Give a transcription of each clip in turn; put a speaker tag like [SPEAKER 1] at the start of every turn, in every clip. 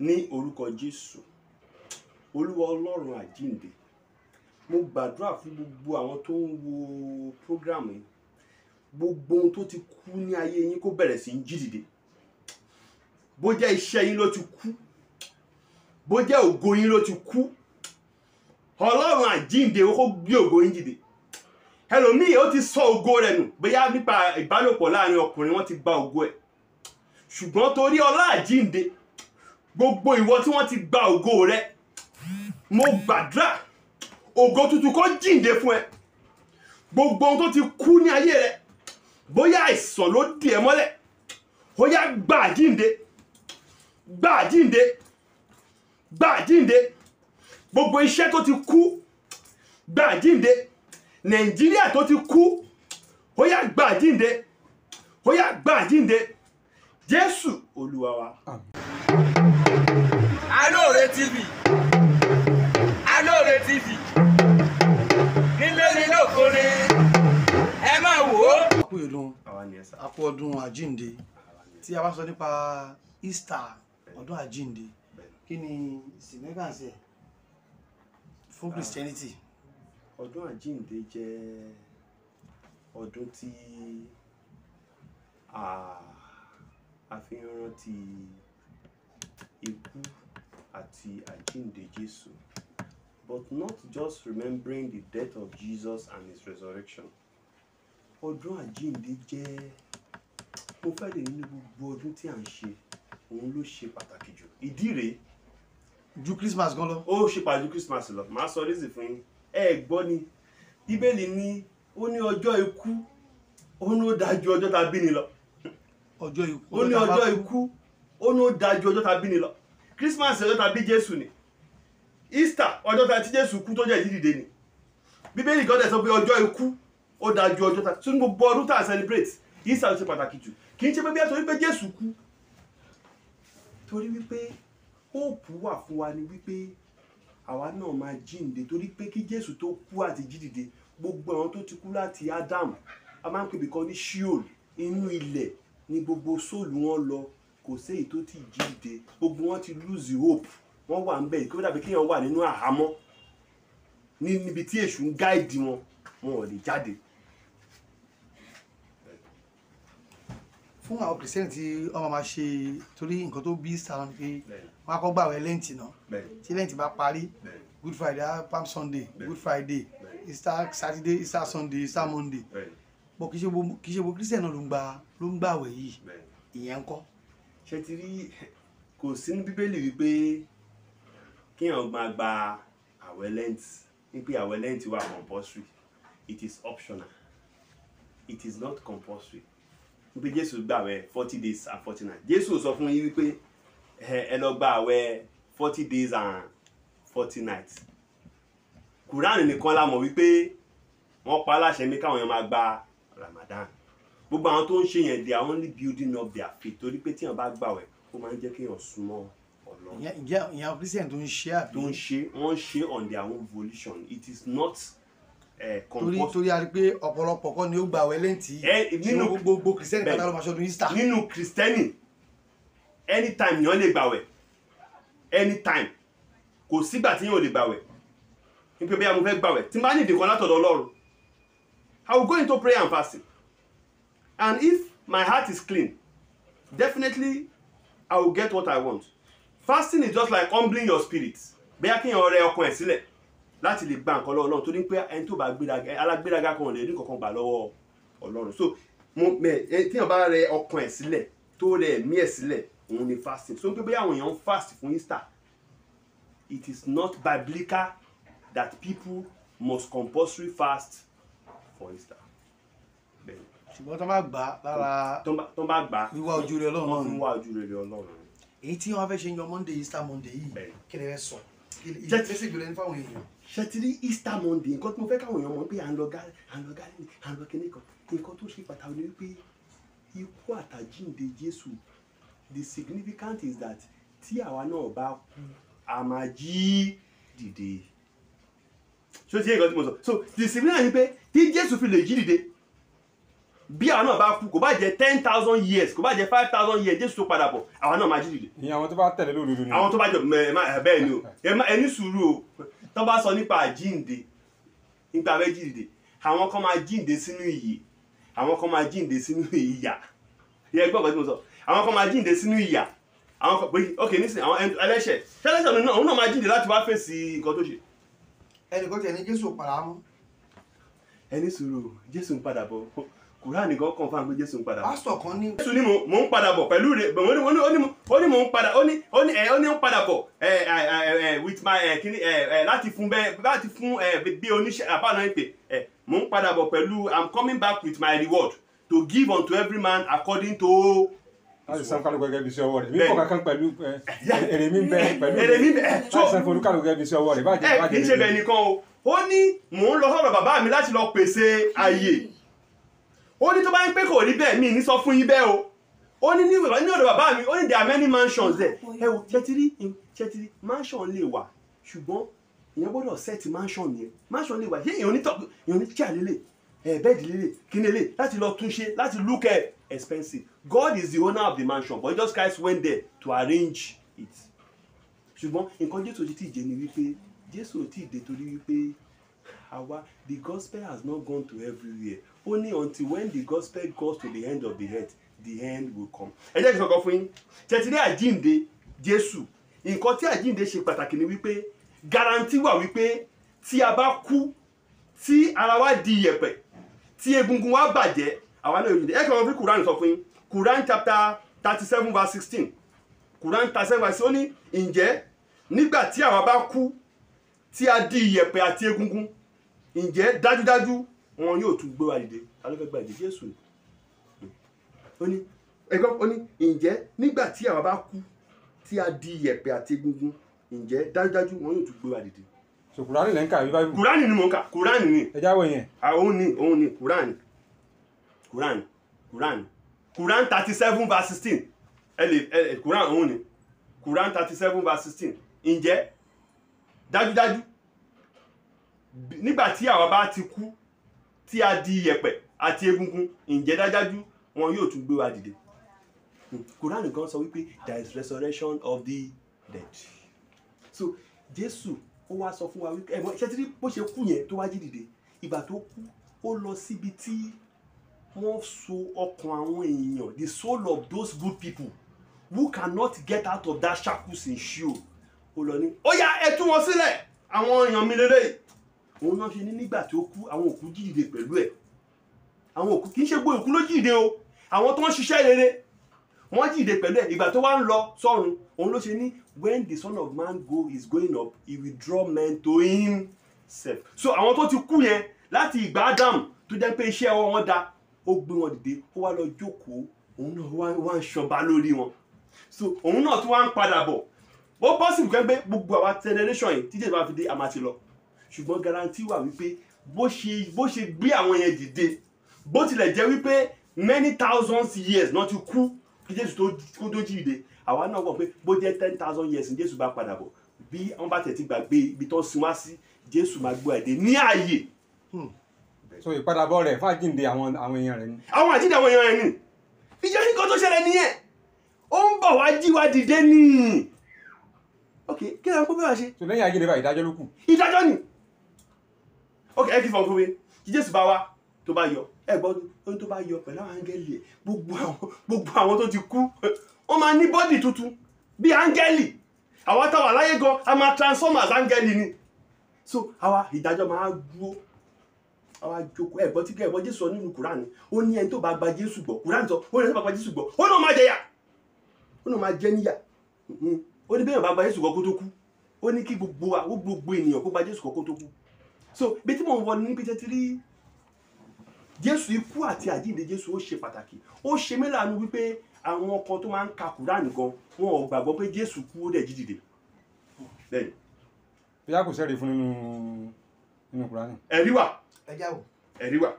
[SPEAKER 1] ní orúkọ jésù olúwa ọlọ́run àjíǹde mo gbàdúrà fún gbogbo àwọn tó ń wo program yìí gbogbo ohun tó ti kú ní ayé yín kó bẹ̀rẹ̀ sí í jí dìde bó jẹ́ iṣẹ́ yín ló ti kú bó jẹ́ ògo yín ló ti kú ọlọ́run àjíǹde ó kó gbé ògo yín dìde ẹlòmíì ó ti sọ ògo rẹ̀ nù bóyá nípa ìbálòpọ̀ láàrin ọkùnrin wọn ti gba ògo ẹ̀ ṣùgbọ́n torí ọlá àjíǹde gbogbo ìwọ tí wọ́n ti gba ògo rẹ mo gbàdúrà ògo tuntun kó jíǹde fún ẹ gbogbo ohun tó ti kú ní ayé rẹ bóyá àìsàn ló dì ẹ mọ́lẹ̀ ó yá gbà jíǹde gbà jíǹde gbà jíǹde gbogbo iṣẹ́ tó ti kú gbà jíǹde nàìjíríà tó ti kú ó yá gbà jíǹde ó yá gbà jíǹde jésù olúwa wa. Amen alóore tv alóore tv nílé ní lóko ni ẹ máa wò ó. a kú ìlú a kú ọdún àjínde tí a bá sọ nípa Easter ọdún àjínde kí ni significance fún ah. Christianity. ọdún àjínde jẹ́ ọdún tí ah, a fi ń rántí ikú àti àjíǹde Jesus, but not just remembering the death of Jesus and his resurrection. Ọdún àjíǹde jẹ́ mo fẹ́ lè nínú gbogbo ọdún tí à ń ṣe òun ló ṣe pàtàkì jù ìdí rèé. ju Christmas gan lọ. ó ṣe pàjù Christmas lọ màá sọ rísì fún yín ẹ gbọ́ ni Bíbélì ní ó ní ọjọ́ ikú ó ní ó dájú ọjọ́ tá a bí ni lọ. ọjọ́ ikú ó ní ọjọ́ ikú ó ní ó dájú ọjọ́ tá a bí ni lọ christmas ọjọ́ tá jésù ni easter ọjọ́ tá tí jésù kú tó jẹ́ ìdídìde ni bíbélì kan dẹ̀ sọ pé ọjọ́ ikú ó dáa ọjọ́ tá tí gbogbo ọdún tá celebrate easter ló ṣe pàtàkì jù kì í ṣe pé bí ẹtọ́ wípé jésù kú torí wípé hope wà fún wa ni wípé àwa náà máa jíǹde torí pé kí jésù tó kú àti jídìde gbogbo àwọn tó ti kú láti adam a máa ń pè bí kan ní sheol inú ilẹ̀ ni gbogbo sóòlù wọn lọ kò séyìí tó ti jíde gbogbo wọn ti lose hope wọn wà ń bẹ yìí kó dàbí kéèyàn wà nínú àhámọ́ níbi tí èṣù ń gáìdì wọn wọn ò lè jáde. fún àwọn kìrìsìtẹ́nì tí wọ́n máa ṣe torí nǹkan tó bí sàrán pé wọ́n á kọ́ gbàwé lẹ́ǹtì náà tí lẹ́ǹtì bá parí good friday palm sunday good friday easter saturday easter sunday easter monday bọ̀ kì í ṣe gbogbo kìrìsìtẹ́nì náà ló ń gbàwé yìí ìyẹn ń kọ́ ṣe ti rí kò sí ní bíbélì wípé kéèyàn máa gba àwẹ̀ lent wípé àwẹ̀ lent wà compulsory it is optional it is not compulsory wípé jésù gba àwẹ̀ forty days and forty nights jésù sọ fún yín wípé ẹ lọ gba àwẹ̀ forty days and forty nights kùránì nìkan la mọ̀ wípé wọ́n pa aláṣẹ ní káwọn èèyàn máa gba ramadan gbogbo àwọn tó ń ṣe yẹn they are only building up their faith torí pé tíyàn bá gbàwẹ̀ ó máa ń jẹ́ kéèyàn súnmọ́ Ọlọ́run. ìyá christian tó ń ṣe àbí. tó ń ṣe wọ́n ṣe on their own volition it is not eh, torí torí a rí pé ọ̀pọ̀lọpọ̀ kọ́ ni ó gba àwẹ̀ lẹ́ǹtì eh, nínú gbogbo kìrìsìtẹ́nì pátá ló máa ṣọdún Easter. nínú kìrìsìtẹ́nì anytime yẹn lè gbàwẹ̀ anytime kò sígbà tí yẹn ò lè gbàwẹ̀ nípa bí a mo fẹ́ gbàwẹ̀ tí n bá ní ìdìkan látọ̀dọ̀ Ọlọ́run I will go into prayer and fasting and if my heart is clean definitely i will get what i want fasting is just like humbling your spirit bẹ́ẹ̀ kí èèyàn rẹ ọkàn ẹ̀ sílẹ̀ láti lè gba nǹkan lọ́wọ́ ọlọ́run torí pé ẹni tó bá gbéraga alágbéraga kan lè rí kankan gbà lọ́wọ́ ọlọ́run so mo mẹ téèyàn bá rẹ ọkàn ẹ̀ sílẹ̀ tó rẹ ẹ̀mí ẹ̀ sílẹ̀ òun ni fasting so pé bóyá àwọn èèyàn ń fast fún easter it is not biblical that people must compulsory fast for easter. Bẹ́ẹ̀ni ṣùgbọ́n tó bá gbà lára tó bá gbà wíwá ojú rere ọlọ́run wíwá ojú rere ọlọ́run. èyí tí wọn fẹ́ ṣe ń yọ monday easter monday yìí kí ni ẹ sọ ìgbésẹ̀ ìgbélé ní fáwọn èèyàn. ṣètìlí easter monday nǹkan tí mo fẹ́ káwọn èèyàn mọ̀ pé à ń lọ gálí à ń lọ gálí à ń lọ kíní kan nǹkan tó ṣe pàtàkì ni wípé ikú àtàjíǹde jésù the significant is that tí àwa náà bá kú a máa jí dìde. ṣó ti yẹ nǹkan tí mo sọ so the significant ni pé tí jésù fi lè jí dìde bí àwọn náà bá kú kò bá jẹ ten thousand years kò bá jẹ five thousand years jésù tó padà bọ̀ àwọn náà máa jí dìde. ìyẹn àwọn tó bá tẹ̀lé lódodo ni. àwọn tó bá jọ bẹ́ẹ̀ ni o ẹni sùúrù o tó bá sọ nípa àjíǹde nípa abẹ́ jí dìde àwọn kan máa jíǹde sínú ìyè àwọn kan máa jíǹde sínú ìyà ìyẹn gbọ́ ọ̀gbọ́n tí mo sọ àwọn kan máa jíǹde sínú ìyà àwọn kan pé ok nísìnyí àwọn ẹlẹ́ṣẹ̀ ẹlẹ́ṣẹ̀ òun náà ẹni sùúrù jésù ń padà bọ̀ Quran nìkan fún àgbẹ̀ Jésù padà pásítọ̀ kan ní. Jésù ní mò ń padà bọ̀ pẹ̀lú rẹ̀ ó ní mò ń padà ó ní ó ní ń padà bọ̀ with my kini láti fún bẹ́ẹ̀ láti fún bí oníṣẹ́ àbáná ìpè mò ń padà bọ̀ pẹ̀lú I'm coming back with my reward to give unto every man according to láti san kálukọ gẹ́gẹ́ bí sí ọwọ́ rẹ̀ mi kò kankan pẹ̀lú èrè mi bẹ pẹ̀lú èrè mi bẹ láti san fún kálukọ gẹ́gẹ́ bí sí ọwọ́ rẹ̀ bàjẹ́ bàjẹ́ mi. ẹ kì í ṣe bẹ́ẹ̀ nìkan o ó ní mò ń lọ sọ̀rọ̀ bàbá mi láti lọ pèsè àyè ó ní tó bá ń pé kò rí bẹ́ẹ̀ mi ní sọ fún yín bẹ́ẹ̀ o ó ní ní ìwà ní ọ̀dọ̀ bàbá mi ó ní there are many mansions there ẹ wò ṣẹtiri ṣẹtiri mansion lè wà ṣùgbọ́n èèyàn gbọ́dọ̀ set mansion yẹn mansion lè wà ṣé èèyàn onítọ̀ èèyàn chair, lélẹ̀ bẹ́ẹ̀dì lélẹ̀ kíni lélẹ̀ láti lọ túnṣe láti look at expensive God is the owner of the mansion but Jesus Christ went there to arrange it ṣùgbọ́n nǹkan Jésù ti ti jẹ́ ni wípé Jésù ti dé torí wípé àwa the gospel has not gone to everywhere Only until when the gospel goes to the end of the earth, the end will come. Ẹ jẹ́ kí n sọ̀kan fún yín. Tẹ̀sílẹ̀ àjínde Jésù. Nǹkan tí àjínde ṣe pàtàkì ni wípé garanti wà wípé tí a bá kú tí ara wa di iyẹ̀pẹ̀ tí egungun wa bàjẹ́ àwa náà yóò yìí. Ẹ kàn wọ́n fi Quran sọ fún yín. Quran chapter thirty seven verse sixteen. Quran thirty seven verse ó ní ǹjẹ́ nígbà tí àwa bá kú tí a di iyẹ̀pẹ̀ àti egungun ǹjẹ́ dájúdájú wọn yóò tún gbé wa dìde ta ló fẹ́ gba ìdè Jésù ni ó ní ẹgbẹ́ ó ní ǹjẹ́ nígbà tí àwa bá kú tí a di yẹ̀pẹ̀ àti egungun ǹjẹ́ dájúdájú wọn yóò tún gbé wa dìde. so kùránì lẹ́ ń kà bíbá ibù. kùránì ni mò ń kà kùránì ni. ẹ jáwé yẹn. òun ni òun ni kùránì kùránì kùránì kùránì thirty seven verse sixteen ẹ lè ẹ lè òun ni kùránì thirty seven verse sixteen ǹjẹ́ dájúdájú nígbà tí àwa bá ti kú tí a di iyẹ̀pẹ̀ àti egungun ǹjẹ́ wọn yóò tún gbé wa dìde Quran kan sọ wípé there is resurrection of the dead so Jésù ó wá sọ fún wa wípé ẹ̀wọ̀n ṣe tí bó ṣe kú yẹn tó wá jí dìde ìgbà tó kú ó lọ síbi tí wọ́n so ọkàn àwọn èèyàn the soul of those good people who cannot get out of that shackles in shoe ó lọ ní ó yá ẹ wọn sílẹ̀ àwọn èèyàn mi lélẹ́yìí òun náà ṣe ní nígbà tó kú àwọn òkú jíjìde pẹ̀lú ẹ̀ àwọn òkú kì í ṣe gbogbo òkú ló jíjìde o àwọn tó ń ṣiṣẹ́ rere wọ́n jíjìde pẹ̀lú ẹ̀ ìgbà tó wá ń lọ sọ́run òun ló ṣe ní when the son of man go is going up he will draw men to himself so àwọn tó ti kú yẹn láti ìgbà Adam tó jẹ́ pé iṣẹ́ ọwọ́ wọn da ó gbé wọn dìde ó wá lọ jókòó òun náà wá ń ṣọba lórí wọn so òun náà tó wá ń padà bọ̀ ó bọ́ sí ìgbẹ́gbẹ́ gbogbo àwa generation yìí títí ìjọba fi dé àmàtí lọ ṣùgbọ́n garanti wà wípé bó ṣe bó ṣe gbé àwọn yẹn dìde bó tilẹ̀ jẹ́ wípé many thousands years náà ti kú kí jésù tó tó jí ìdè àwa náà wọ̀ pé bó jẹ́ ten thousand years ní jésù bá padà bọ̀ bí wọ́n bá tẹ̀ ti gbàgbé ibi tó sin wá sí jésù máa gbé àdé ní ààyè hmm. so ìpadàbọ̀ rẹ̀ fàjìǹde àwọn àwọn èèyàn rẹ̀ ni. àwọn àjíǹde àwọn èèyàn rẹ̀ ni ìjọ ní kan tó ṣẹlẹ̀ nìyẹn ó ń bọ̀ wá jí wá dìde ni ok kí ló ń kó bẹ́ẹ̀ wá ṣe. so lẹ́yìn àjíǹde bá ìdájọ́ ló kù. ìdájọ́ ni ok ẹ kí fọn fún mi kí jésù bá wá tó bá yọ ẹ gbọ́ ohun tó bá yọ pẹ̀lú àwọn áńgẹ́lì ẹ̀ gbogbo àwọn tó ti kú wọ́n máa ní bọ́dì tuntun bí áńgẹ́lì àwa táwa láyé gan a máa transform as áńgẹ́lì ni so àwa ìdájọ́ máa dúró àwa jókòó ẹ̀gbọ́n tí kẹ́ẹ̀gbọ́n jésù sọ nínú kúránì ó ní ẹni tó bá gba jésù gbọ́ kúránì sọ ó ní ẹni tó bá gba jésù gbọ́ ó náà máa jẹyà ó náà máa jẹ níyà mm-hmm. ó ní bẹ́ẹ̀ bá gba jésù gbọ́ kó tó kú ó ní kí gbogbo wa gbogbo ènìyàn kó gba jésù gbọ́ kó tó kú so bí tí mò ń wọ ní pété tí rí jésù ikú àti àjíǹde jésù ó ṣe pàtàkì ó ṣe mí láàánú wípé àwọn ọkọ tó máa ń ka kúránì gan wọn ò gbàgbọ́ pé jésù kú ó dẹ̀ jí dìde lẹ́yìn. bóyá kò sẹ́rìí fún nínú nínú kúránì. ẹ̀rí wà ẹ̀rí wà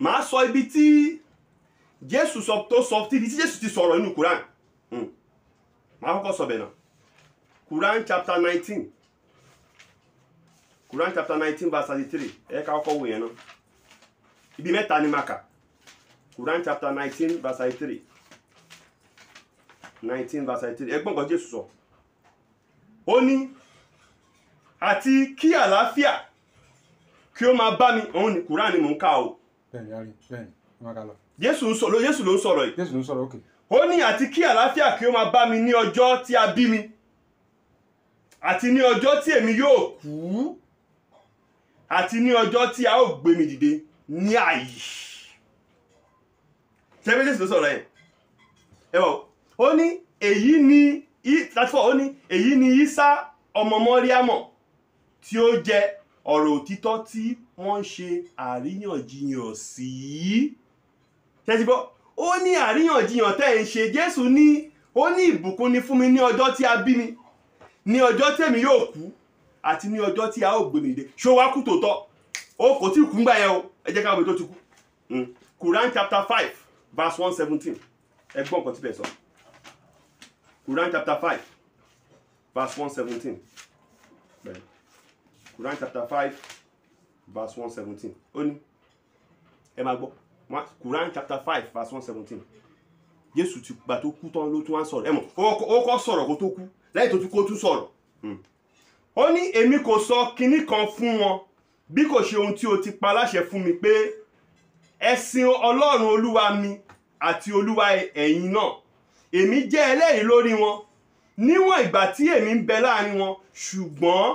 [SPEAKER 1] màá sọ ibi tí jésù tó sọ ibi tí jésù ti sọ̀rọ̀ nínú kúránì hmm. màá kọ́kọ́ sọ bẹ̀ náà kúránì chapter nineteen. Quran chapter nineteen verse thirty-three ẹ ká kọ́kọ́ wò yẹn náà ibi mẹ́ta ni màkà Quran chapter nineteen verse thirty-three nineteen verse thirty-three ẹ gbọ́n kan Jésù sọ ó ní àti kí àlàáfíà kí ó máa bá mi òun ni Quran ni mò ń kà o. bẹ́ẹ̀ni yàrá bẹ́ẹ̀ni ẹ máa kà lọ. Jésù ń sọ̀rọ̀ Jésù ló ń sọ̀rọ̀ yìí. Jésù ló ń sọ̀rọ̀ òkè. ó ní àti kí àlàáfíà kí ó máa bá mi ní ọjọ́ tí a bí mi àti ní ọjọ́ tí èmi yóò kú àti ní ọjọ́ tí a ó gbé mi dìde ní ààyè ṣẹ́fẹ́sì ló sọ̀rọ̀ ẹ̀ ẹ wọ̀ ó ní èyí ni ó ní èyí ni Ísá ọmọ Mọ́ríámọ̀ tí ó jẹ ọ̀rọ̀ òtítọ́ tí wọ́n ń ṣe àríyànjiyàn sí ṣẹ́sì bọ́ ó ní àríyànjiyàn tẹ́ ń ṣe Jésù ní ó ní ìbùkún ni fún mi ní ọjọ́ tí a bí mi ní ọjọ́ tèmi yóò kú àti ní ọjọ́ tí a ó gbèmí ìdè ṣó wá kú tòótọ́ ó kò tí kú gbà yẹn o ẹ jẹ́ káwọn ètò ti kú hmm. Quran chapter five verse one seventeen ẹ gbọ́ nǹkan tí bẹ́ẹ̀ sọ Quran chapter five verse one seventeen Quran chapter five verse one seventeen ó ní ẹ máa gbọ́ Quran chapter five verse one seventeen Jésù ti gbà tó kú tán ló tún wá sọ̀rọ̀ ẹ mọ̀ ó kọ́ sọ̀rọ̀ kó tó kú lẹ́yìn tó tún kó tún sọ̀rọ̀. Hmm ó ní èmi kò sọ kinní kan fún wọn bí kò ṣe ohun tí o ti pa láṣẹ fún mi pé ẹ sin ọlọ́run olúwa mi àti olúwa ẹ̀yin náà èmi jẹ́ ẹlẹ́rìí lórí wọn níwọ̀n ìgbà tí èmi ń bẹ láàrin wọn ṣùgbọ́n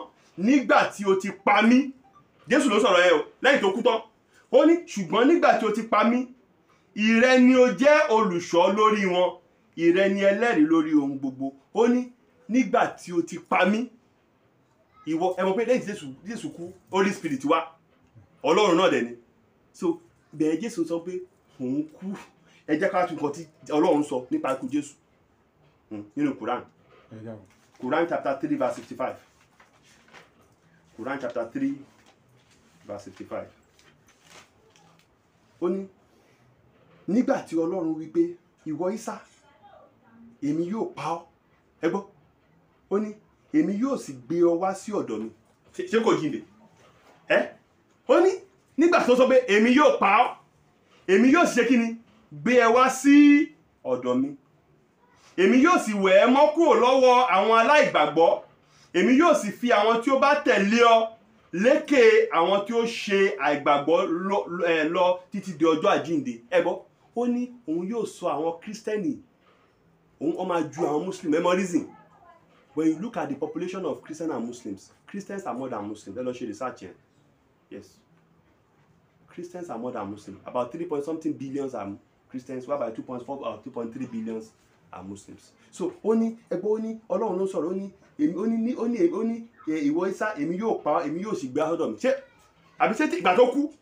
[SPEAKER 1] nígbà tí o ti pa mí jésù ló sọ̀rọ̀ ẹ o lẹ́yìn tó kú tán ó ní ṣùgbọ́n nígbà tí o ti pa mí ìrẹ ni o jẹ́ olùṣọ́ lórí wọn ìrẹ ni ẹlẹ́rìí lórí ohun gbogbo ó ní nígbà tí o ti pa mí ìwọ ẹ mọ̀ pé lẹ́yìn jésù jésù kú holy spirit wá ọlọ́run náà dẹ̀ ni so bẹ̀rẹ̀ jésù sọ pé òun kú ẹ jẹ́ ká tún nǹkan tí ọlọ́run sọ nípa ikú jésù hmm, nínú quran quran chapter three verse sixty five quran chapter three verse sixty five ó ní nígbà tí ọlọ́run wí pé ìwọ isa èmi yóò pa ọ́ ẹ gbọ́ ó ní èmi yóò sì gbé ọ wá sí ọ̀dọ̀ mi ṣé kò jíǹde ẹ ó ní nígbà tó sọ pé èmi yóò pa ọ́ èmi yóò ṣe kíni gbé ẹ wá sí ọ̀dọ̀ mi èmi yóò sì wẹ̀ ẹ́ mọ́ kúrò lọ́wọ́ àwọn aláìgbàgbọ́ èmi yóò sì fi àwọn tí ó bá tẹ̀lé ọ lékè àwọn tí ó ṣe àìgbàgbọ́ lọ títí di ọjọ́ àjíǹde ẹ gbọ́ ó ní òun yóò sọ àwọn kírísítẹ́nì òun ó máa ju àwọn mùsùlùmí mẹ́mọ́rìsìn when you look at the population of Christians and Muslims, Christians are more than Muslims. Let us show research here. Yes. Christians are more than Muslims. About three point something billions are Christians, while about four or uh, two point three billions are Muslims. So, ó ní ẹgbẹ́ ó ní Ọlọ́run ló ń sọ̀rọ̀ ó ní èmi ó ní ó ní ó ní ìwọ Isa èmi yóò pa èmi yóò sì gbé sọ́dọ̀ mi. Ṣé àbí ṣé ìgbà tó kú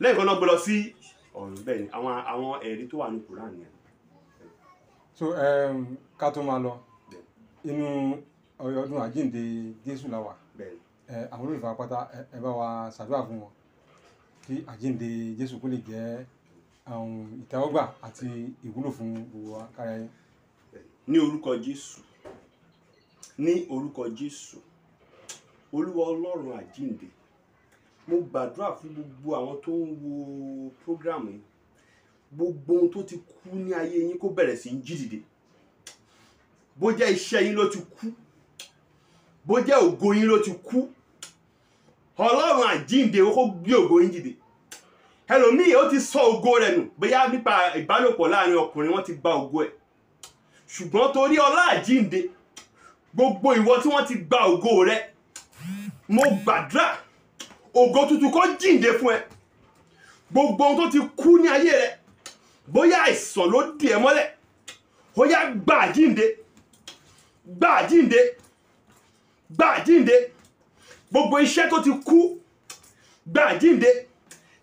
[SPEAKER 1] lẹ́yìn kan náà gbọ́ lọ sí ọ̀run bẹ́ẹ̀ ni àwọn àwọn ẹ̀rí tó wà ní Kùránì yẹn. So um, ká tó máa lọ inú eh, ọdún àjíǹde Jésù la wà eh, àwọn olùfà pátá eh, ẹ bá wa ṣàdúrà fún wọn kí àjíǹde Jésù kó lè jẹ́ um, ìtẹ́wọ́gbà àti ìwúlò fún gbogbo wa káyọ̀ ní orúkọ Jésù ní orúkọ Jésù olúwa ọlọ́run àjíǹde mo gbàdúrà fún gbogbo àwọn tó ń wo programu yìí gbogbo ohun tó ti kú ní ayé yín kó bẹ̀rẹ̀ sí ń jí dìde bó jẹ́ iṣẹ́ yín ló ti kú bó jẹ́ ògo yín ló ti kú ọlọ́run àjíǹde ó kó gbé ògo yín jìde ẹlòmíì ó ti sọ ògo rẹ̀ nù bóyá nípa ìbálòpọ̀ láàrin ọkùnrin wọ́n ti gba ògo ẹ̀ ṣùgbọ́n torí ọlá àjíǹde gbogbo ìwọ tí wọ́n ti gba ògo rẹ̀ mo gbàdúrà ògo tuntun kó jíǹde fún ẹ gbogbo ohun tó ti kú ní ayé rẹ bóyá àìsàn ló dì ẹ́ mọ́lẹ̀ ó yá gba àjíǹde gbà jíǹde gbà jíǹde gbogbo iṣẹ́ tó ti kú gbà jíǹde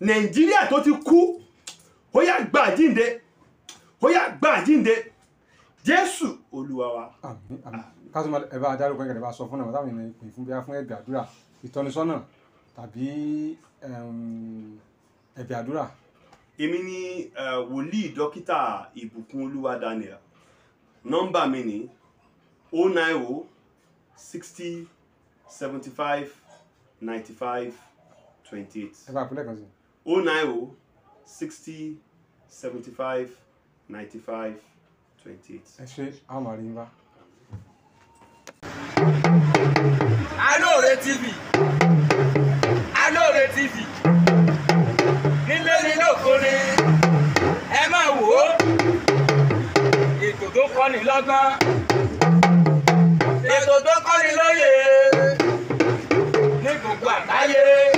[SPEAKER 1] nàìjíríà tó ti kú ó yá gbà jíǹde ó yá gbà jíǹde jésù olúwa wa. àmín àmín kásùmọ̀ ẹ bá dárúkọ ẹ bá sọ fún ẹ táwọn ènìyàn pè fún bíi fún ẹgbẹ́ àdúrà ìtọ́nisọ́nà tàbí ẹ̀bẹ̀ àdúrà. èmi ni wòlíì dókítà ìbùkún olúwa daniel nọ́mbà mi ni 090 60 75 95 28. ẹ bá àpilẹ̀ kan sí. 090 60 75 95 28. ẹ ṣe àwọn àríyìn bá. Alore TV Alore TV nílé ní lókòrè ẹ máa wò ó ètò tó kọ́ni lọ́gbọ́n ètò tó kọ́ni lóye ní gbogbo àgbáyé.